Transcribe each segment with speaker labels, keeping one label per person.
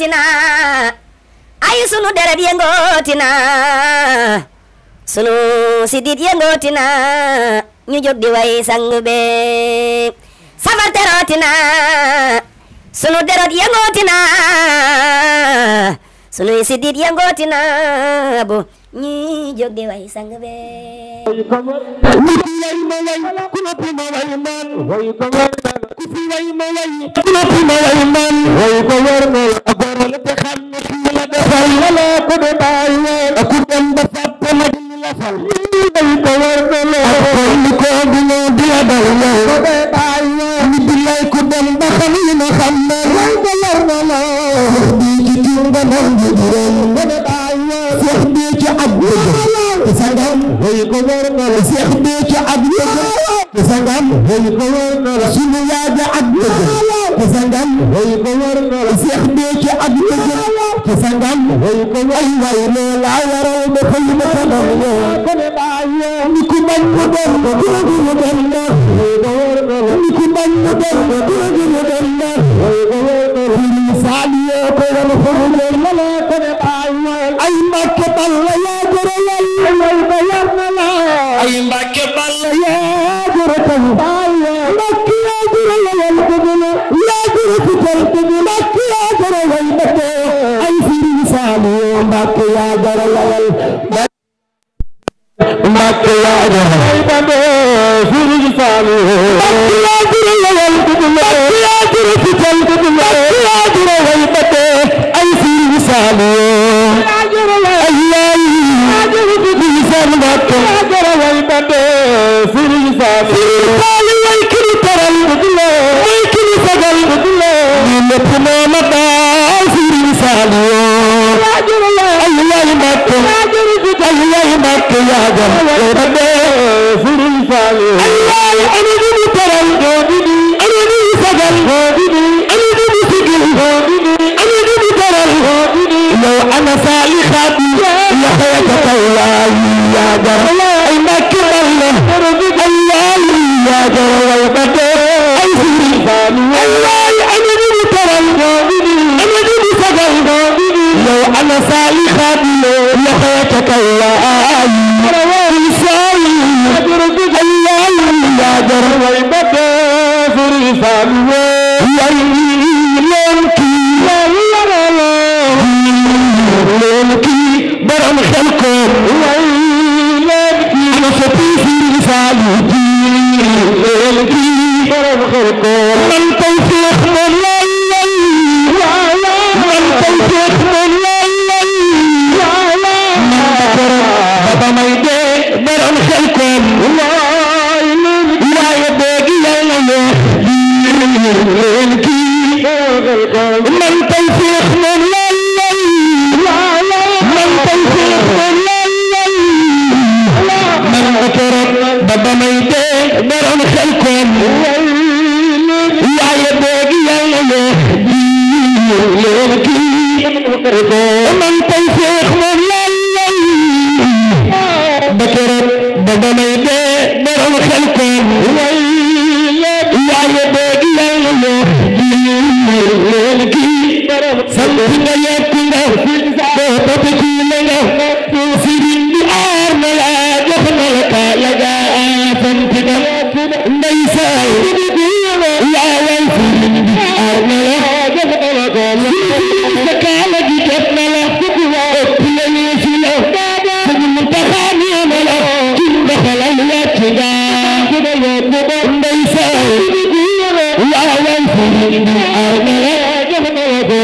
Speaker 1: yëngootina ay sunu deret yëngootina sunu sidit yëngootina ñu jóg di way sang be safar terootina sunu deret yëngootina sunu sidit yëngootina bu ñu jóg di way sang way ma way ku noppi ma way man way ko war na la ku fi way ma way ku noppi ma way man way ko war na la góor la te xam ne kii la defal la ko de bàyyi sangam way ko war na la Seex Béthio ak dëgg sangam way ko war na la sunu yaaja ak dëgg sangam way ko war na la Seex Béthio ak dëgg sangam way ko ay way ne la waral ba xëy ma kanam yo ko ne ba yo ni ku bañ ko doon ko ko doon dara lawal Mbàkke yaa dara bando suru sami Mbàkke yaa dara lawal Mbàkke yaa dara fital jaajam yow da dee furul faale allah ana di di teral ana di di sagal ana di di sigil ana di di teral yow ana saalixaati ya xayata tawaayi yaa jar ay mbàkki balle allahi yaa jar yow da dee ay furul faale allahi ana di di teral ana di di sagal yow ana saalixaati لقيت كواي إنسان الله يادر ويبدا فريفا ويلكي ويلكي برم خلقه ويلكي أنا فتيفي رسالتي ويلكي برم خلقه من توفيق من الله من توفيق من من توفيق من من توفيق من من أطرب بابا ميدي برم خلكم يا يبوغي يا يهدي من توفيق من بكرب بابا ميدي برم خلكم يا يبوغي يا يهدي kii sant nga yokk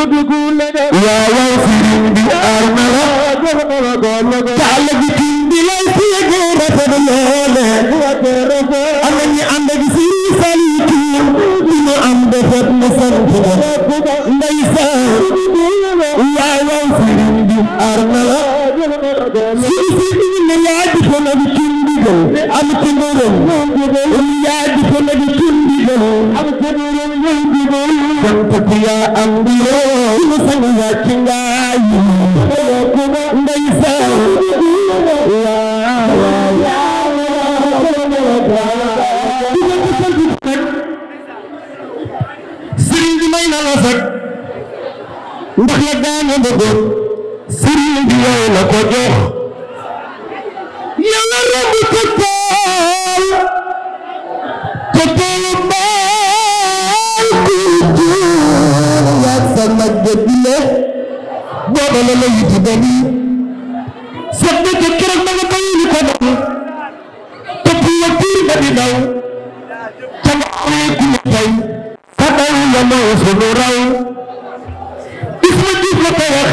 Speaker 1: waaw waaw sëriñ bi aar na la taala bi tim bi lay séegee rafet loole am na ñu ànd ak sëriñ Saliou Thioune bi ñu am defet mu sant ko ndeysaan waaw waaw sëriñ bi aar na la sëriñ si bi ñu ne yaa defoon ak tim
Speaker 2: bi am ci ngërëm
Speaker 1: yaa defoon ak tim bi am tafiya an biyo musan yakin gayi kuma ndai sa ya sëriñ bi may na la sax ndax la daane ba góor sëriñ bi yow la ko jox dana la yi dali sa dëkk keroog ma nga bàyyi ko doon topp la tiir ba di daw ca nga xawee ku ma tey sa daw la ma sunu raw Isma Diouf la ko wax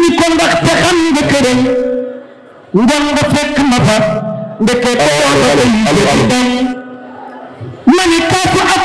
Speaker 1: ni ko ndax te xam nga këram nga nga fekk ma fa ndeke tey la la yi di daw ma ni kaasu ab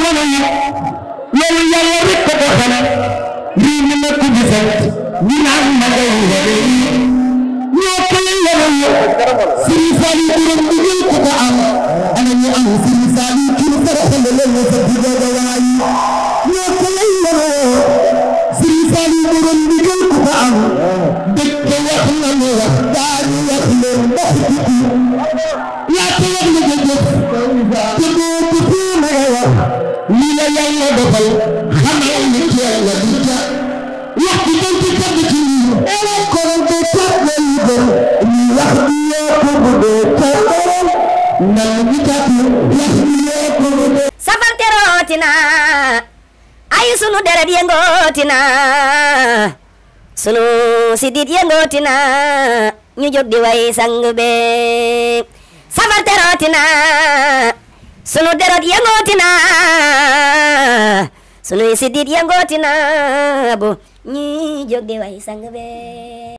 Speaker 1: xale yi loolu yàlla rek ko ko xam lii ñu nekk di sant ñu naan ma ngay yore yi ñoo koy yore yi Sëriñ Saliou Birame di jël ko ko am ana ñu am Sëriñ Saliou kii ko xale loolu sa digga yàlla defal xamal ni ci yàlla di ca wax di dem ci tedd ci lii elan korom de tàpp la yi dem li wax ko bëggee ca korom ndax ñu tàpp wax di ko bëggee safar terooti na ay sunu deret yëngooti na sunu sidit yëngooti na ñu jóg di way sang be safar terooti na sunu deret yëngooti na sunuy sidit yëngooti na bu ñi jóg di way sang be